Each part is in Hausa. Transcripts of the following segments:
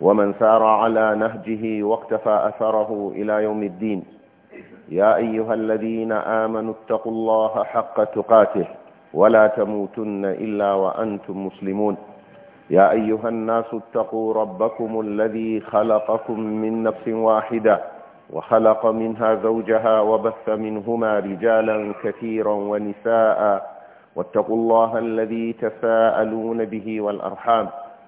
ومن سار على نهجه واقتفى أثره إلى يوم الدين يا أيها الذين آمنوا اتقوا الله حق تقاته ولا تموتن إلا وأنتم مسلمون يا أيها الناس اتقوا ربكم الذي خلقكم من نفس واحدة وخلق منها زوجها وبث منهما رجالا كثيرا ونساء واتقوا الله الذي تساءلون به والأرحام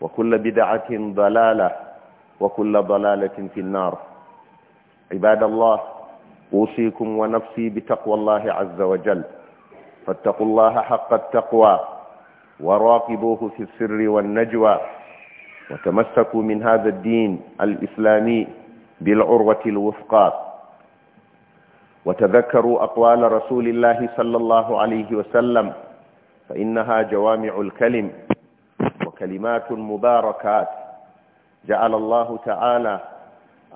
وكل بدعة ضلالة وكل ضلالة في النار عباد الله أوصيكم ونفسي بتقوى الله عز وجل فاتقوا الله حق التقوى وراقبوه في السر والنجوى وتمسكوا من هذا الدين الإسلامي بالعروة الوثقى وتذكروا أقوال رسول الله صلى الله عليه وسلم فإنها جوامع الكلم كلمات مباركات جعل الله تعالى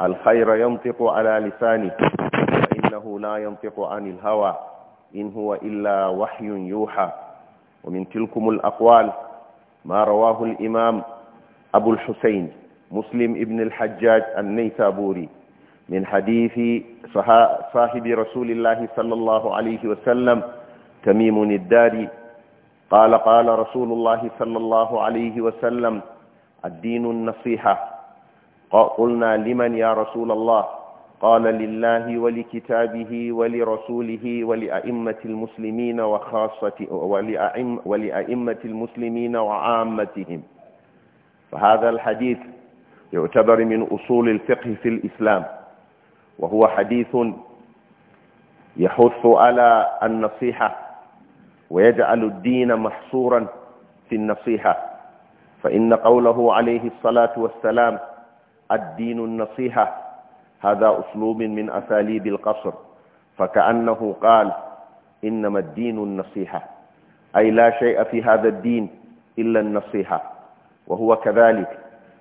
الخير ينطق على لسانه فإنه لا ينطق عن الهوى إن هو إلا وحي يوحى ومن تلكم الأقوال ما رواه الإمام أبو الحسين مسلم ابن الحجاج النيسابوري من حديث صاحب رسول الله صلى الله عليه وسلم تميم الداري قال قال رسول الله صلى الله عليه وسلم الدين النصيحة قلنا لمن يا رسول الله قال لله ولكتابه ولرسوله ولأئمة المسلمين وخاصة ولأئم ولأئمة المسلمين وعامتهم فهذا الحديث يعتبر من أصول الفقه في الإسلام وهو حديث يحث على النصيحة ويجعل الدين محصورا في النصيحة فإن قوله عليه الصلاة والسلام الدين النصيحة هذا أسلوب من أساليب القصر فكأنه قال إنما الدين النصيحة أي لا شيء في هذا الدين إلا النصيحة وهو كذلك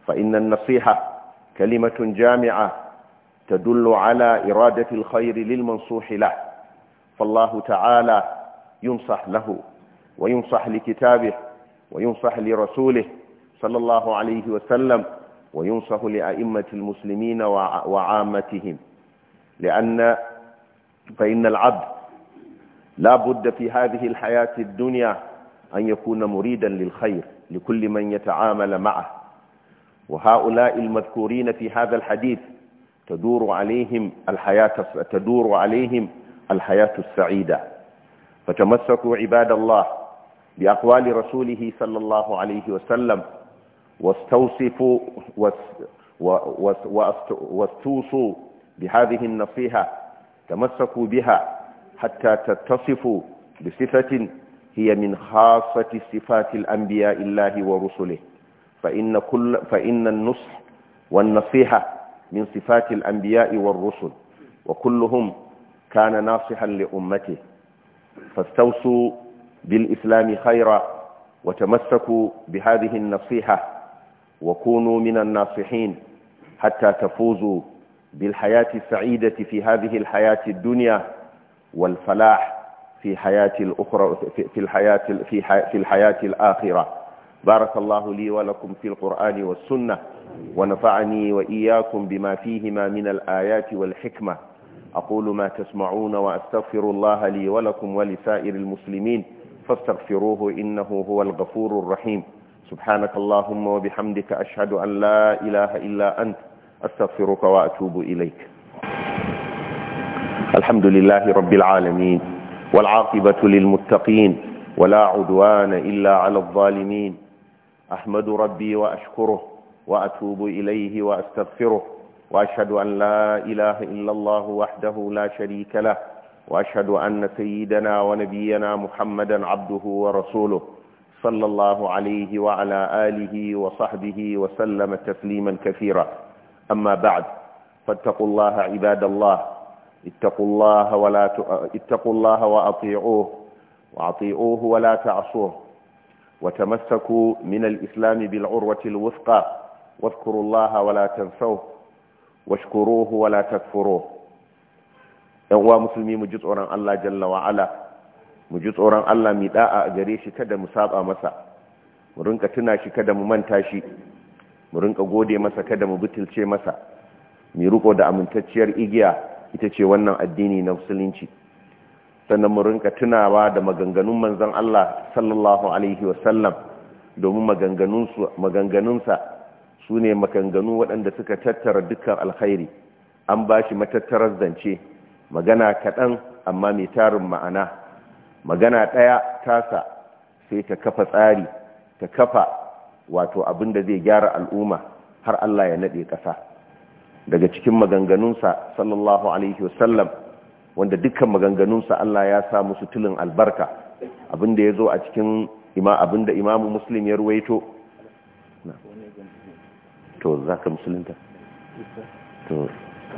فإن النصيحة كلمة جامعة تدل على إرادة الخير للمنصوح له فالله تعالى ينصح له وينصح لكتابه وينصح لرسوله صلى الله عليه وسلم وينصح لأئمة المسلمين وعامتهم لأن فإن العبد لا بد في هذه الحياة الدنيا أن يكون مريدا للخير لكل من يتعامل معه وهؤلاء المذكورين في هذا الحديث تدور عليهم الحياة تدور عليهم الحياة السعيدة فتمسكوا عباد الله بأقوال رسوله صلى الله عليه وسلم واستوصفوا واستوصوا بهذه النصيحة تمسكوا بها حتى تتصفوا بصفة هي من خاصة صفات الأنبياء الله ورسله فإن, كل فإن النصح والنصيحة من صفات الأنبياء والرسل وكلهم كان ناصحا لأمته فاستوصوا بالإسلام خيرا وتمسكوا بهذه النصيحة وكونوا من الناصحين حتى تفوزوا بالحياة السعيدة في هذه الحياة الدنيا والفلاح في حياة الأخرى في الحياة في في الحياة الآخرة بارك الله لي ولكم في القرآن والسنة ونفعني وإياكم بما فيهما من الآيات والحكمة أقول ما تسمعون وأستغفر الله لي ولكم ولسائر المسلمين فاستغفروه إنه هو الغفور الرحيم سبحانك اللهم وبحمدك أشهد أن لا إله إلا أنت أستغفرك وأتوب إليك الحمد لله رب العالمين والعاقبة للمتقين ولا عدوان إلا على الظالمين أحمد ربي وأشكره وأتوب إليه وأستغفره وأشهد أن لا إله إلا الله وحده لا شريك له وأشهد أن سيدنا ونبينا محمدا عبده ورسوله صلى الله عليه وعلى آله وصحبه وسلم تسليما كثيرا أما بعد فاتقوا الله عباد الله اتقوا الله ولا ت... اتقوا الله وأطيعوه وأطيعوه ولا تعصوه وتمسكوا من الإسلام بالعروة الوثقى واذكروا الله ولا تنسوه washkuruhu wala takfuru yan uwa musulmi mu ji tsoron Allah jalla wa ala mu ji tsoron Allah mi da'a a gare shi kada mu saba masa mu rinka tuna shi kada mu manta shi mu rinka gode masa kada mu butulce masa mu riko da amintacciyar igiya ita ce wannan addini na musulunci sannan mu rinka tunawa da maganganun manzon Allah sallallahu alaihi wasallam domin maganganunsa su ne makanganu waɗanda suka tattara dukkan alkhairi an ba shi matattarar zance magana kaɗan amma mai tarin ma'ana magana ɗaya tasa sai ta kafa tsari ta kafa wato abin da zai gyara al'umma har Allah ya naɗe ƙasa daga cikin maganganunsa sallallahu alaihi wasallam wanda dukkan maganganunsa Allah ya sa musu tulin albarka abin da ya zo a cikin abin da imamu muslim ya ruwaito to za ka to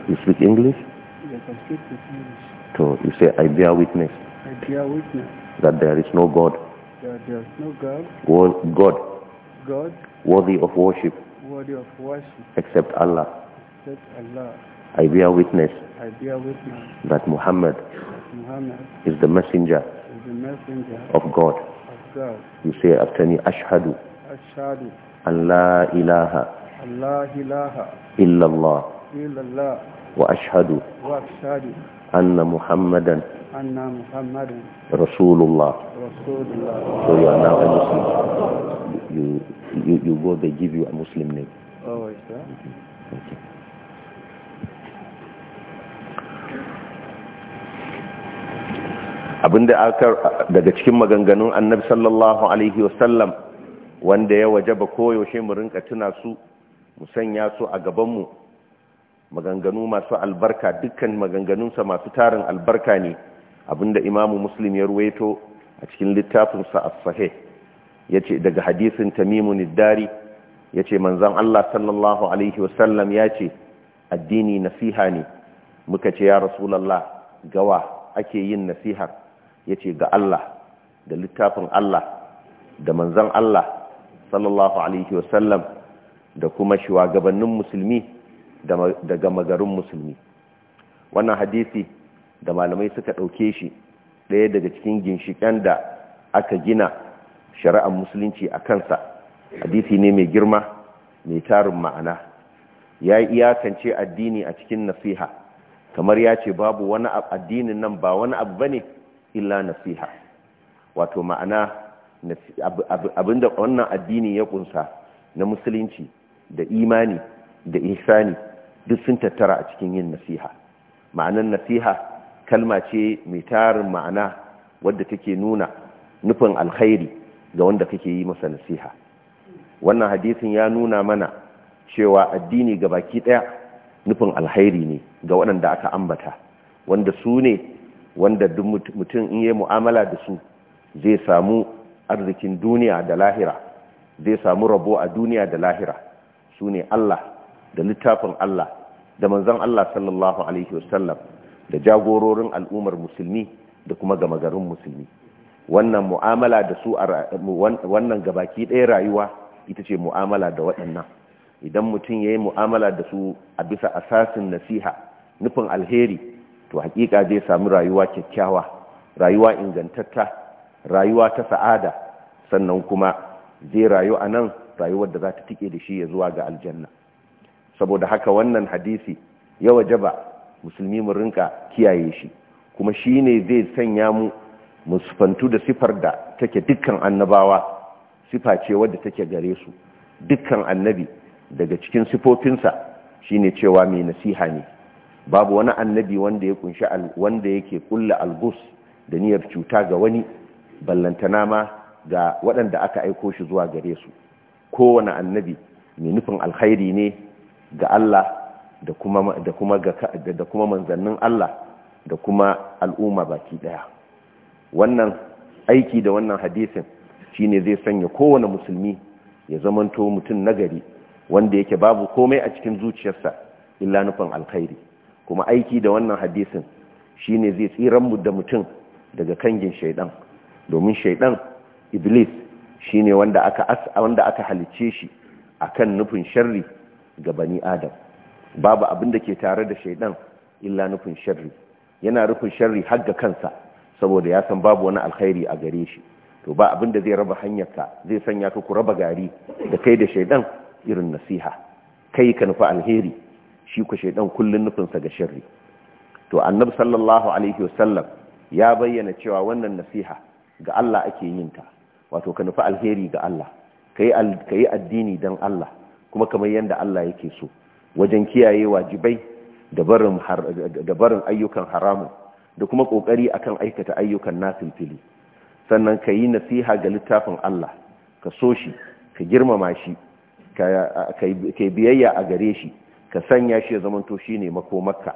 you speak english yes i speak english to you say i bear witness i bear witness that there is no god that there is no god god god worthy of worship worthy of worship except allah except allah I bear witness, I bear witness that Muhammad, Muhammad is the messenger, is the messenger of, God. of God. You say after me, Ashhadu, Ashhadu. Allah ilaha, لا إله إلا الله إلا الله وأشهد وأشهد أن محمدا أن محمدا رسول الله رسول الله so you are now a Muslim you you you go they give you a Muslim name oh is abinda aka daga cikin maganganun annabi sallallahu alaihi wasallam wanda ya wajaba koyaushe mu rinka tuna su mu sanya su a gabanmu maganganu masu albarka dukkan maganganunsa masu tarin albarka ne abinda imamu muslim ya ruwaito a cikin littafinsa a sahih ya ce daga hadisin tamimu niddari ya ce manzan Allah sallallahu Alaihi wasallam ya ce addini nasiha ne muka ce ya rasulallah gawa ake yin nasihar ya ce ga Allah da littafin Allah da manzan Allah sallallahu Alaihi wasallam da kuma shugabannin musulmi daga magarin musulmi wannan hadisi da malamai suka ɗauke shi ɗaya daga cikin ginshiƙen da aka gina shari'ar musulunci a kansa hadisi ne mai girma mai tarin ma'ana ya yi iyakance addini a cikin nasiha kamar ya ce babu wani addinin nan ba wani abu ba ne illa nasiha wato ma'ana abinda wannan addini ya ƙunsa na musulunci da imani da ihsani duk sun tattara a cikin yin nasiha ma'anar nasiha kalma ce mai tarin ma'ana wadda take nuna nufin alkhairi ga wanda kake yi masa nasiha wannan hadisin ya nuna mana cewa addini ga baki daya nufin alkhairi ne ga waɗanda aka ambata wanda su ne wanda duk mutum in yi mu'amala da su zai samu arzikin duniya da lahira zai samu rabo a duniya da lahira su ne Allah da littafin Allah da manzan Allah sallallahu alaihi wasallam da jagororin al'ummar musulmi da kuma gama garin musulmi wannan mu'amala da su wannan gabaki ɗaya rayuwa ita ce mu'amala da waɗannan idan mutum ya yi mu'amala da su a bisa asasin nasiha nufin alheri to hakika zai sami rayuwa kyakkyawa rayuwa ingantatta rayuwa ta sa'ada sannan kuma zai rayu a nan rayuwar da za ta tike da shi ya zuwa ga aljanna saboda haka wannan hadisi ya wajaba musulmi mu rinka kiyaye shi kuma shi ne zai sanya mu musfantu da sifar da take dukkan annabawa sifa ce wadda take gare su dukkan annabi daga cikin sifofinsa shine cewa mai nasiha ne babu wani annabi wanda ya kunshi wanda yake kulla algus da niyyar cuta ga wani ballantana ma ga waɗanda aka aiko shi zuwa gare su kowane annabi mai nufin alkhairi ne ga Allah da kuma da kuma manzannin Allah da kuma al'umma baki daya wannan aiki da wannan hadisin shine zai sanya kowane musulmi ya zamanto mutum nagari wanda yake babu komai a cikin zuciyarsa illa nufin alkhairi kuma aiki da wannan hadisin shine zai tsiran mu da mutum daga kangin shaidan domin shaidan iblis Shi ne wanda aka halice shi a kan nufin sharri ga bani adam babu abin da ke tare da shaidan illa nufin sharri yana rufin sharri har ga kansa saboda ya san babu wani alkhairi a gare shi to ba abin da zai raba hanyarka zai sanya ka ku raba gari da kai da shaidan irin nasiha kai ka nufi alheri shi ku shaidan kullun nufinsa ga sharri to annabi sallallahu alaihi wasallam ya bayyana cewa wannan nasiha ga Allah ake yin ta wato ka nufi alheri ga Allah ka yi addini don Allah kuma kamar yadda Allah yake so wajen kiyaye wajibai da barin ayyukan haramun da kuma kokari akan aikata ayyukan nasin fili sannan ka yi nasiha ga littafin Allah ka so shi ka girmama shi ka biyayya a gare shi ka sanya shi ya zamanto shi ne makomarka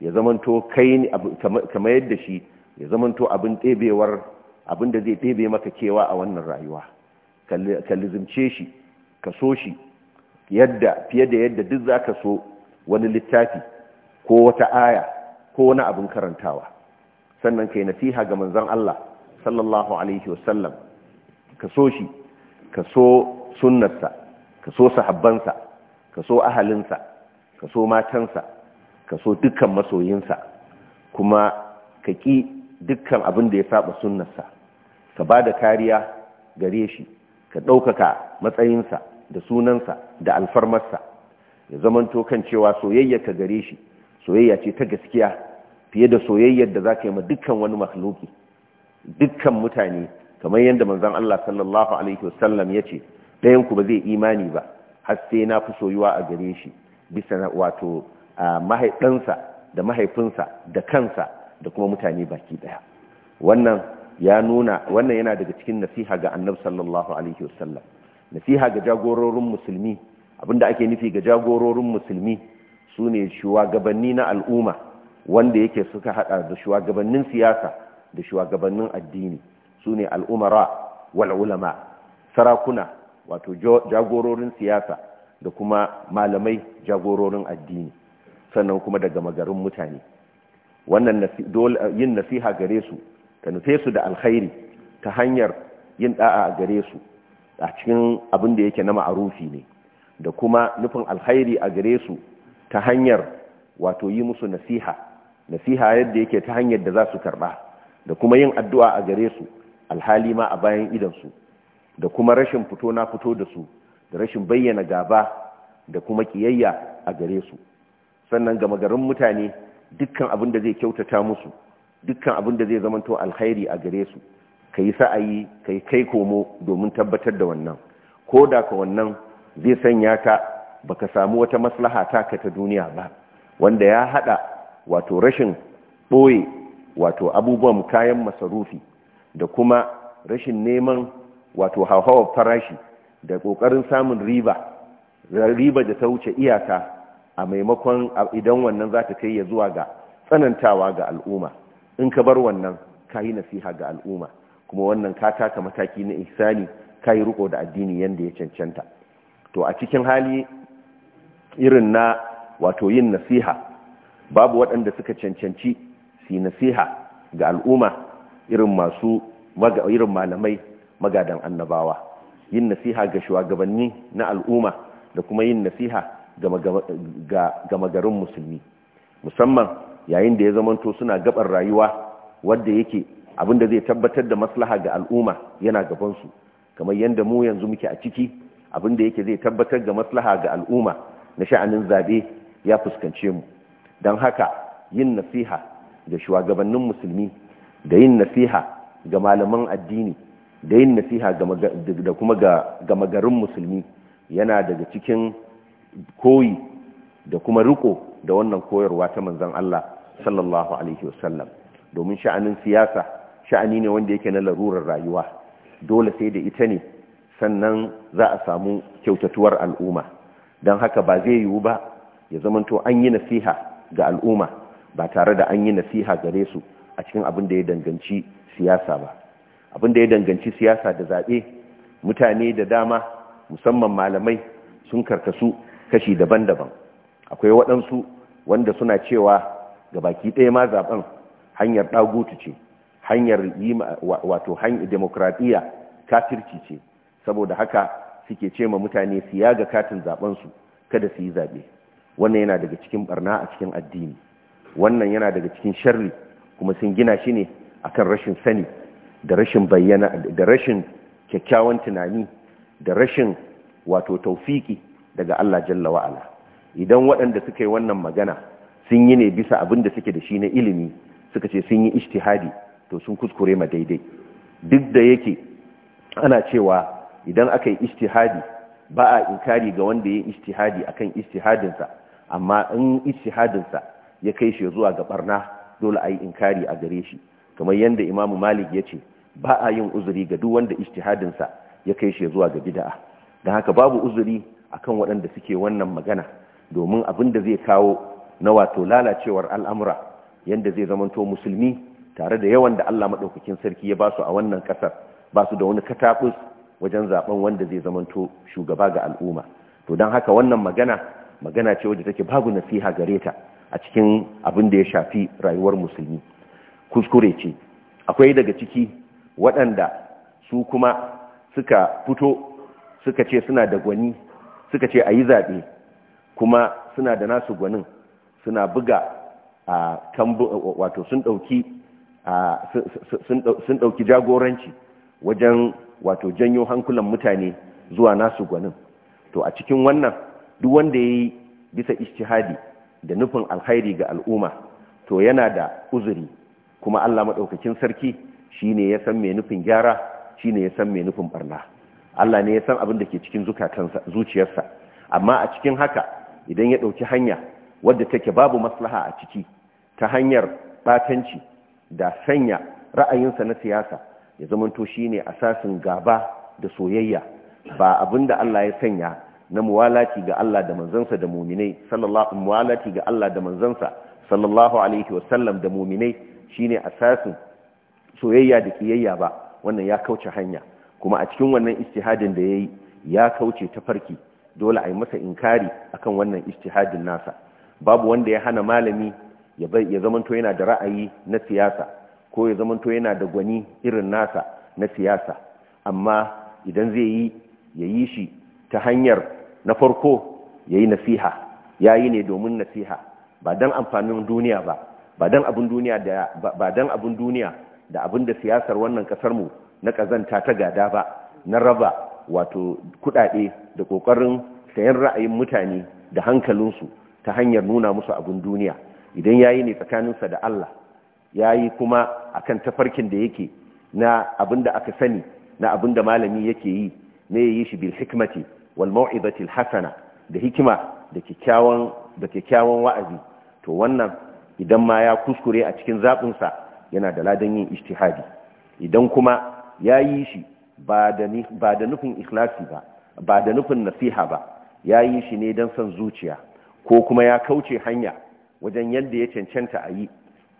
ya zamanto kai kamar yadda shi ya zamanto abin ɗebewar abinda zai ɗebe maka kewa a wannan rayuwa ka lizimce shi ka so shi fiye da yadda duk za ka so wani littafi ko wata aya ko wani abin karantawa sannan ka yi nasiha ga manzan Allah sallallahu alaihi wasallam ka so shi ka so sunnarsa ka so sahabbansa ka so ahalinsa ka so matansa ka so dukkan masoyinsa kuma ka ƙi dukkan abin da ya saba sunnarsa ka ba da kariya gare shi ka ɗaukaka matsayinsa da sunansa da alfarmarsa ya zamanto kan cewa soyayya ka gare shi soyayya ce ta gaskiya fiye da soyayyar da za ka yi ma dukkan wani makhluki dukkan mutane kamar yadda manzan Allah sallallahu alaihi wasallam ya ce ɗayanku ba zai imani ba har sai na fi soyuwa a gare shi bisa wato mahaifinsa da mahaifinsa da kansa da kuma mutane baki daya wannan ya nuna wannan yana daga cikin nasiha ga annabi sallallahu alaihi wasallam nasiha ga jagororin musulmi abinda ake nufi ga jagororin musulmi su ne shugabanni na al'umma wanda yake suka hada da shugabannin siyasa da shugabannin addini su sune al'umara wal ulama sarakuna wato jagororin siyasa da kuma malamai jagororin addini sannan kuma daga magarin mutane wannan yin nasiha gare su ka nufe su da alkhairi ta hanyar yin da'a gare su a cikin abin da yake na ma'arufi ne da kuma nufin alkhairi a gare su ta hanyar wato yi musu nasiha nasiha yadda yake ta hanyar da za su karba da kuma yin addu'a a gare su alhali ma a bayan idansu da kuma rashin fito na fito da su da rashin bayyana gaba da kuma kiyayya a gare su sannan gama garin mutane dukkan abin da zai kyautata musu dukkan abin da zai zamanto alkhairi a gare su ka yi sa'ayi ka yi kai komo domin tabbatar da wannan ko da ka wannan zai sanya ka baka samu wata maslaha taka ta duniya ba wanda ya hada wato rashin ɓoye wato abubuwan kayan masarufi da kuma rashin neman wato hauhawar farashi da ƙoƙarin samun riba riba da ta wuce iyaka a maimakon idan wannan za ta kai ya zuwa ga tsanantawa ga al'umma in ka bar wannan ka yi nasiha ga al'umma kuma wannan ka taka mataki na isani ka yi riko da addini yadda ya cancanta to a cikin hali irin na wato yin nasiha babu waɗanda suka cancanci su nasiha ga al'umma irin masu irin malamai magadan annabawa yin nasiha ga shugabanni na al'umma da kuma yin nasiha gama garin musulmi musamman yayin da ya zamanto suna gabar rayuwa wadda yake abinda zai tabbatar da maslaha ga al'umma yana gabansu kamar yadda mu yanzu muke a ciki abinda yake zai tabbatar da maslaha ga al'umma na sha'anin zaɓe ya fuskance mu don haka yin nasiha ga shugabannin musulmi da yin nasiha ga malaman addini da yin nasiha da kuma ga magarin musulmi yana daga cikin koyi da kuma riko da wannan koyarwa ta manzan Allah sallallahu alaihi wasallam domin sha'anin siyasa sha'ani ne wanda yake na larurar rayuwa dole sai da ita ne sannan za a samu kyautatuwar al'umma don haka ba zai yiwu ba ya zamanto an yi nasiha ga al'umma ba tare da an yi nasiha gare su a cikin abin da ya danganci siyasa ba abin da ya danganci siyasa da zaɓe mutane da dama musamman malamai sun karkasu kashi daban-daban akwai waɗansu wanda suna cewa ga baki ɗaya ma zaɓen hanyar ɗagutu ce hanyar yi wato hanyar demokradiyya kafirci ce saboda haka suke ce ma mutane su ga katin zabensu kada su yi zaɓe wannan yana daga cikin barna a cikin addini wannan yana daga cikin sharri kuma sun gina shi ne akan rashin sani da rashin bayyana da rashin kyakkyawan tunani da rashin wato taufiki daga Allah jalla wa'ala idan waɗanda suka yi wannan magana sun yi ne bisa abin da suke da shi na ilimi suka ce sun yi ishtihadi, to sun kuskure ma daidai duk da yake ana cewa idan aka yi ishtihadi, ba a inkari ga wanda ya yi ishtihadi akan ishtihadinsa, amma in ishtihadinsa ya kai shi zuwa ga barna dole a yi inkari a gare shi kamar yadda imamu malik ya ce ba a yin uzuri ga duk wanda ishtihadinsa ya kai shi zuwa ga bida'a don haka babu uzuri akan waɗanda suke wannan magana domin abin da zai kawo na wato lalacewar al'amura yadda zai zamanto musulmi tare da yawan da Allah maɗaukakin sarki ya ba su a wannan ƙasar ba su da wani katakus wajen zaɓen wanda zai zamanto shugaba ga al'umma to don haka wannan magana magana ce wadda take babu nasiha gare ta a cikin abin da ya shafi rayuwar musulmi kuskure ce akwai daga ciki waɗanda su kuma suka fito suka ce suna da gwani suka ce a yi zaɓe kuma suna da nasu gwanin suna buga a wato sun ɗauki jagoranci wajen wato janyo hankulan mutane zuwa nasu gwanin to a cikin wannan duk wanda ya yi bisa ishtihadi da nufin alhairi ga al'umma to yana da uzuri kuma allah maɗaukakin sarki shine ya san mai nufin gyara shine ya san mai nufin ɓarna. Allah ne ya san abin da ke cikin zuciyarsa amma a cikin haka idan ya ɗauki hanya wadda take babu maslaha a ciki ta hanyar batanci da sanya ra'ayinsa na siyasa ya zamanto shine asasin gaba da soyayya ba abin da Allah ya sanya na muwalati ga Allah da manzansa da muminai sallallahu muwalati ga Allah da manzansa sallallahu alaihi wasallam da muminai shine asasin soyayya da ƙiyayya ba wannan ya kauce hanya kuma a cikin wannan istihadin da yayi ya kauce ta farki dole a yi masa inkari akan wannan istihadin nasa babu wanda ya hana malami ya ya zamanto yana da ra'ayi na siyasa ko ya zamanto yana da gwani irin nasa na siyasa amma idan zai yi ya yi shi ta hanyar na farko ya yi nasiha ya yi ne domin nasiha ba don amfanin duniya ba ba don abin duniya da abin da siyasar wannan mu na ƙazanta ta gada ba na raba wato kuɗaɗe da ƙoƙarin sayan ra'ayin mutane da hankalinsu ta hanyar nuna musu abin duniya idan ya yi ne tsakaninsa da Allah ya yi kuma a kan tafarkin da yake na abin da aka sani na abin da malami yake yi ne ya yi shi bil hikmati wal mau'izatil hasana da hikima da kyakkyawan da kyakkyawan wa'azi to wannan idan ma ya kuskure a cikin zaɓinsa yana da ladan yin ijtihadi idan kuma ya yi shi ba da nufin ikhlasi ba ba da nufin nasiha ba ya yi shi ne don son zuciya ko kuma ya kauce hanya wajen yadda ya cancanta a yi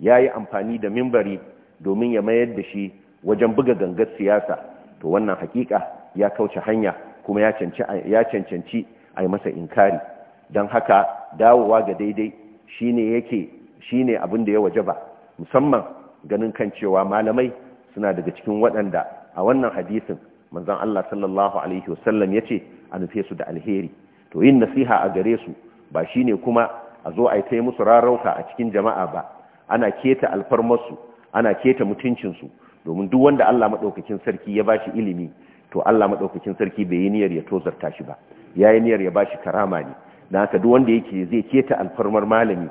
ya yi amfani da mimbari domin ya mayar da shi wajen buga gangar siyasa to wannan hakika ya kauce hanya kuma ya cancanci a yi masa inkari don haka dawowa ga daidai ne yake ne abin da ya wajaba musamman ganin kan cewa malamai suna daga cikin waɗanda a wannan hadisin manzan Allah sallallahu alaihi wasallam ce a nufe su da alheri to yin nasiha a gare su ba shi ne kuma a zo a yi ta musu rarauka a cikin jama'a ba ana keta alfarmarsu ana keta mutuncinsu domin duk wanda Allah maɗaukakin sarki ya ba shi ilimi to Allah maɗaukakin sarki bai yi niyyar ya tozarta shi ba ya yi niyyar ya ba shi karama ne nasa haka duk wanda yake zai keta alfarmar malami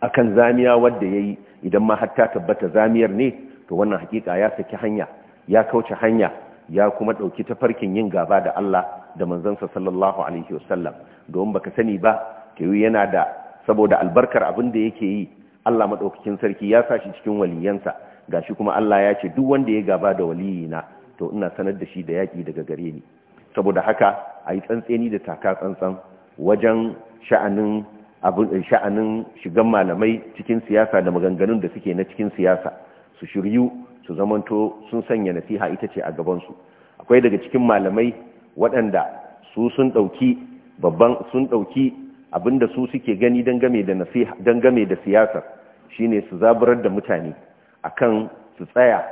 akan zamiya wadda ya yi idan ma har ta tabbata zamiyar ne to wannan hakika ya saki hanya ya kauce hanya ya kuma dauki tafarkin yin gaba da Allah da manzansa sallallahu alaihi wasallam domin baka sani ba kewi yana da saboda albarkar abin da yake yi Allah madaukakin sarki ya sa shi cikin waliyansa gashi kuma Allah ya ce duk wanda ya gaba da waliyina to ina sanar da shi da yaki daga gare ni saboda haka ayi tsantseni da taka tsantsan wajen sha'anin abin sha'anin shigan malamai cikin siyasa da maganganun da suke na cikin siyasa su shiryu su zamanto sun sanya nasiha ita ce a gabansu akwai daga cikin malamai waɗanda su sun ɗauki babban sun ɗauki abinda su suke gani dangame game da siyasar shine su zaburar da mutane akan su tsaya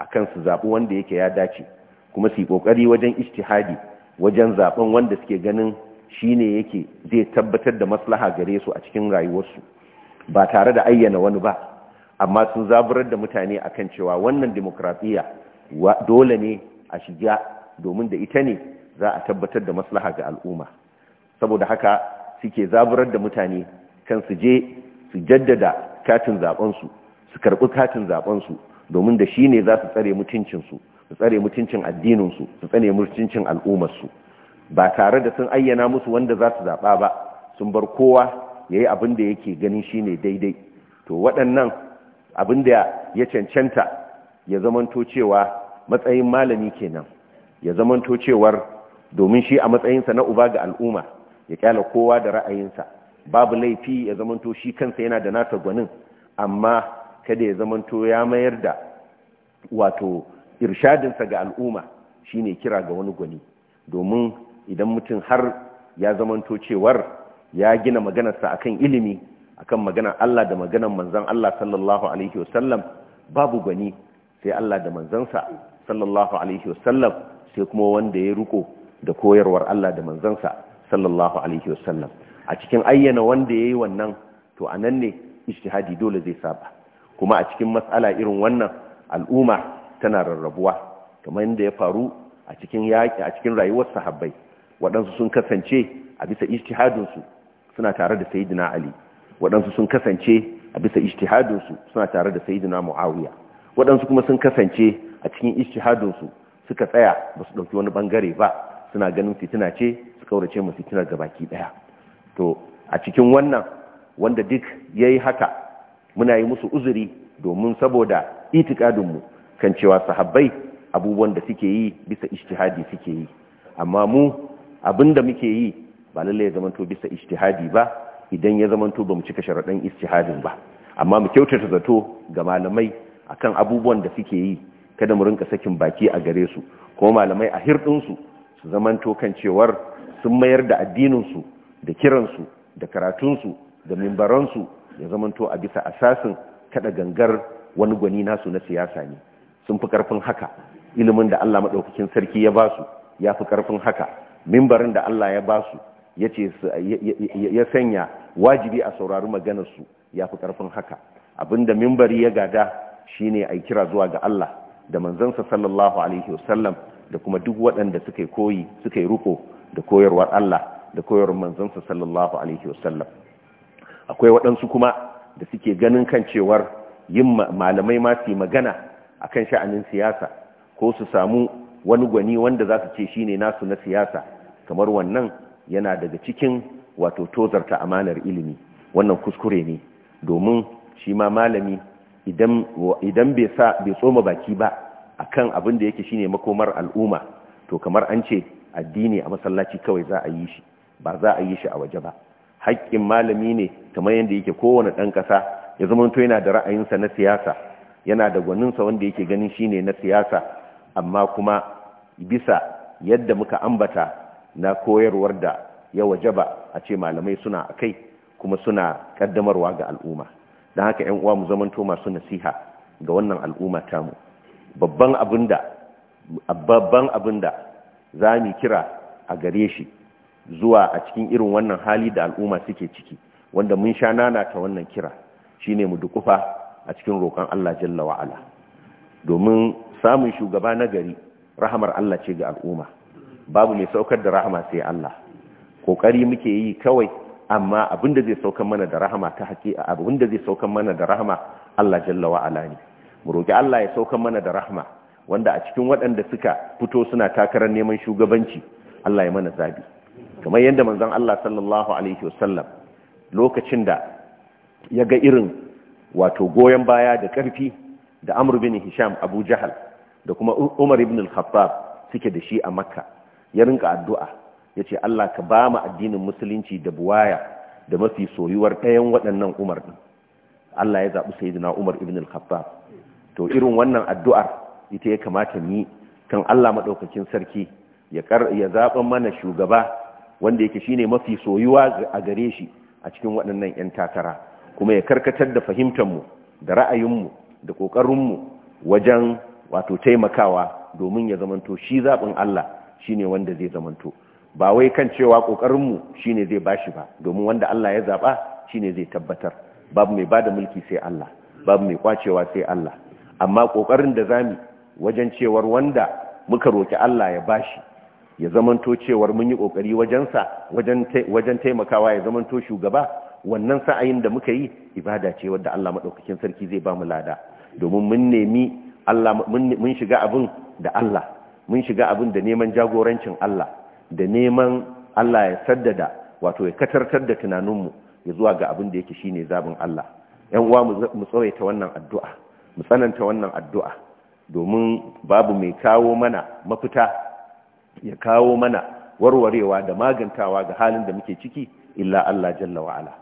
akan su zaɓi wanda yake ya dace kuma su yi ƙoƙari wajen ijtihadi wajen zaɓen wanda suke ganin shine yake zai tabbatar da maslaha gare su a cikin rayuwarsu ba tare da ayyana wani ba amma sun zaburar da mutane a kan cewa wannan demokradiyya dole ne a shiga domin da ita ne za a tabbatar da maslaha ga al'umma saboda haka suke zaburar da mutane kan su je su jaddada katin zaɓensu su karɓi katin zaɓensu domin da shi ne za su tsare mutuncinsu su tsare mutuncin addininsu su tsare mutuncin al'ummarsu ba tare da sun ayyana musu wanda za su zaɓa ba sun bar kowa ya yi abin da yake ganin shi ne daidai to waɗannan Abin da ya cancanta ya zamanto cewa matsayin malami kenan ya zamanto cewar domin shi a matsayinsa na uba ga al'umma ya kyala kowa da ra'ayinsa babu laifi ya zamanto shi kansa yana da nasa gwanin amma kada ya zamanto ya mayar da wato irshadinsa ga al'umma shi ne kira ga wani gwani domin idan mutum har ya zamanto cewar ya gina maganarsa akan ilimi akan maganar Allah da maganar manzan Allah sallallahu alaihi wasallam babu gwani sai Allah da manzansa sallallahu alaihi wasallam sai kuma wanda ya ruko da koyarwar Allah da manzansa sallallahu alaihi wasallam a cikin ayyana wanda ya yi wannan to a nan ne ijtihadi dole zai saba kuma a cikin mas'ala irin wannan al'umma tana rarrabuwa kamar yadda ya faru a cikin yaki a cikin rayuwar sahabbai waɗansu sun kasance a bisa ijtihadin su suna tare da saidina Ali waɗansu sun kasance a bisa ishtihadunsu suna tare da sayyidina muawiya waɗansu kuma sun kasance a cikin ishtihadunsu suka tsaya ba su ɗauki wani ɓangare ba suna ganin fitina ce su kaurace mu fitinar ga baki ɗaya to a cikin wannan wanda duk ya yi haka muna yi musu uzuri domin saboda itikadinmu kan cewa sahabbai abubuwan da suke yi bisa ishtihadi suke yi amma mu abin da muke yi ba lallai ya zama to bisa ishtihadi ba idan ya zamanto ba mu cika sharaɗin istihadin ba amma mu kyautata zato ga malamai akan abubuwan da suke yi kada mu rinka sakin baki a gare su kuma malamai a hirɗinsu su zamanto kan cewar sun mayar da addininsu da kiransu da karatunsu da mimbaransu ya zamanto a bisa asasin kada gangar wani gwani nasu na siyasa ne sun fi karfin haka ilimin da Allah maɗaukakin sarki ya ba su ya fi karfin haka mimbarin da Allah ya ba su ya sanya wajibi a saurari maganarsu ya fi ƙarfin haka abinda mimbari ya gada shine a kira zuwa ga Allah da manzansa sallallahu alaihi wasallam da kuma duk waɗanda suka koyi suka yi ruko da koyarwar Allah da koyarwar manzansa sallallahu alaihi wasallam akwai waɗansu kuma da suke ganin kan cewar yin malamai ma su magana akan sha'anin siyasa ko su samu wani gwani wanda zasu su ce shine nasu na siyasa kamar wannan yana daga cikin wato tozarta amanar ilimi wannan kuskure ne domin shi ma malami idan bai tsoma baki ba a kan abin da yake shine makomar al'umma to kamar an ce addini a masallaci kawai za a yi shi ba za a yi shi a waje ba haƙƙin malami ne kamar yadda yake kowane ɗan ƙasa ya zama to yana da ra'ayinsa na siyasa yana da gwaninsa wanda yake ganin shine na siyasa amma kuma bisa yadda muka ambata na koyarwar da ya wajaba a ce malamai suna a kai kuma suna kaddamarwa ga al'umma don haka yan uwa mu zamanto masu nasiha ga wannan al'umma mu babban abinda da abinda za mu kira a gare shi zuwa a cikin irin wannan hali da al'umma suke ciki wanda mun sha nana ta wannan kira shine mu dukufa a cikin roƙon Allah jalla wa ala domin samun shugaba na gari rahamar Allah ce ga al'umma babu mai saukar da rahama sai Allah kokari muke yi kawai amma abin da zai saukan mana da rahama ta haƙiƙa da zai saukan mana da rahama Allah jalla wa ala ne mu roki Allah ya saukan mana da rahama wanda a cikin waɗanda suka fito suna takarar neman shugabanci Allah ya mana zabi kamar yadda manzon Allah sallallahu alaihi wasallam lokacin da ya ga irin wato goyon baya da ƙarfi da Amr bin Hisham Abu Jahal da kuma Umar ibn al-Khattab suke da shi a Makka ya rinka addu'a ya ce Allah ka ba mu addinin musulunci da buwaya da mafi soyuwar ɗayan waɗannan umar ɗin Allah ya zaɓi sayyidina umar ibn al-khattab to irin wannan addu'ar ita ya kamata ni kan Allah maɗaukakin sarki ya zaɓa mana shugaba wanda yake shine mafi soyuwa a gare shi a cikin waɗannan 'yan takara kuma ya karkatar da fahimtar mu da ra'ayinmu da ƙoƙarinmu wajen wato taimakawa domin ya zamanto shi zaɓin Allah shine wanda zai zamanto ba wai kan cewa ƙoƙarinmu shi ne zai bashi ba domin wanda Allah ya zaba shi ne zai tabbatar babu mai bada mulki sai Allah babu mai kwacewa sai Allah amma ƙoƙarin da za wajen cewar wanda muka roki Allah ya bashi ya zamanto cewar mun yi ƙoƙari wajensa wajen taimakawa ya zamanto shugaba wannan sa'ayin da muka yi ibada ce wadda Allah maɗaukakin sarki zai ba mu lada domin mun nemi Allah mun shiga abin da Allah mun shiga abin da neman jagorancin Allah da neman Allah ya saddada wato ya katartar da tunaninmu ya zuwa ga abin da yake ne zabin Allah yan uwa mu tsawaita wannan addu'a mu tsananta wannan addu'a domin babu mai kawo mana mafita ya kawo mana warwarewa da magantawa ga halin da muke ciki illa Allah jalla wa'ala.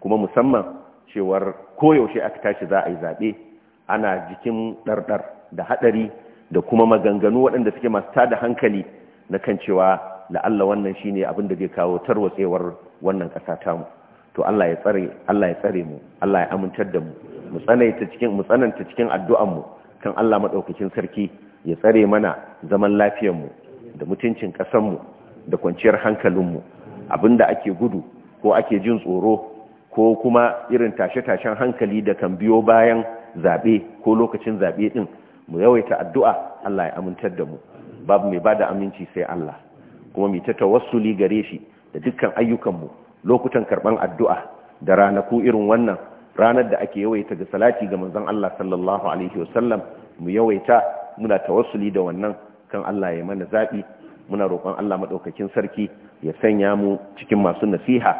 kuma musamman cewar koyaushe aka tashi za a yi zaɓe ana jikin ɗarɗar da haɗari da kuma maganganu waɗanda suke masu tada hankali na kan cewa Allah wannan shi ne abin da zai kawo tarwatsewar wannan ƙasa ta mu to Allah ya tsare Allah ya tsare mu Allah ya amintar da mu mu cikin mu tsananta cikin addu'an mu kan Allah madaukakin sarki ya tsare mana zaman lafiyar mu da mutuncin ƙasar mu da kwanciyar hankalin mu abinda ake gudu ko ake jin tsoro ko kuma irin tashe-tashen hankali da kan biyo bayan zaɓe ko lokacin zaɓe ɗin mu yawaita addu'a Allah ya amintar da mu babu mai bada aminci sai Allah kuma mu ta tawassuli gare shi da dukkan ayyukanmu lokutan karban addu'a da ranaku irin wannan ranar da ake yawaita ga salati ga manzon Allah sallallahu alaihi wasallam mu yawaita muna tawassuli da wannan kan Allah ya mana zabi muna roƙon Allah madaukakin sarki ya sanya mu cikin masu nasiha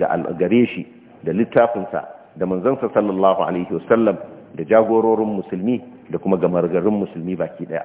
ga gare shi da littafinsa da manzansa sallallahu alaihi wasallam da jagororin musulmi da kuma gamargarin musulmi baki daya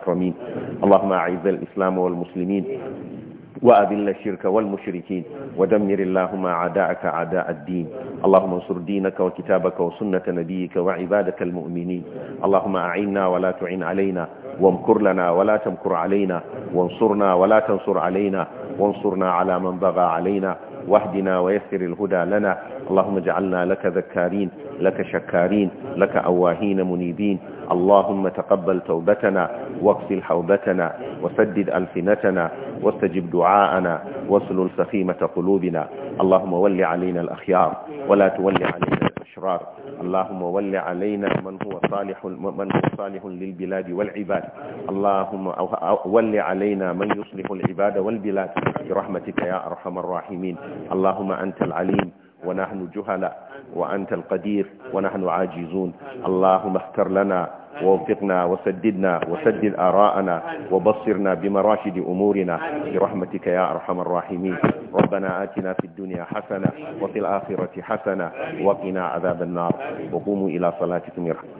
الأكرمين اللهم أعز الإسلام والمسلمين وأذل الشرك والمشركين ودمر اللهم عداءك عداء الدين اللهم انصر دينك وكتابك وسنة نبيك وعبادك المؤمنين اللهم أعنا ولا تعن علينا وامكر لنا ولا تمكر علينا وانصرنا ولا تنصر علينا وانصرنا على من بغى علينا واهدنا ويسر الهدى لنا اللهم اجعلنا لك ذكارين لك شكارين لك أواهين منيبين اللهم تقبل توبتنا واغسل حوبتنا وسدد ألسنتنا واستجب دعاءنا واسلل سخيمة قلوبنا اللهم ول علينا الأخيار ولا تول علينا الأشرار اللهم ول علينا من هو صالح من هو صالح للبلاد والعباد اللهم ول علينا من يصلح العباد والبلاد برحمتك يا أرحم الراحمين اللهم أنت العليم ونحن جهلاء وأنت القدير ونحن عاجزون اللهم اختر لنا ووفقنا وسددنا وسدد آراءنا وبصرنا بمراشد أمورنا برحمتك يا أرحم الراحمين ربنا آتنا في الدنيا حسنة وفي الآخرة حسنة وقنا عذاب النار وقوموا إلى صلاتكم يرحمكم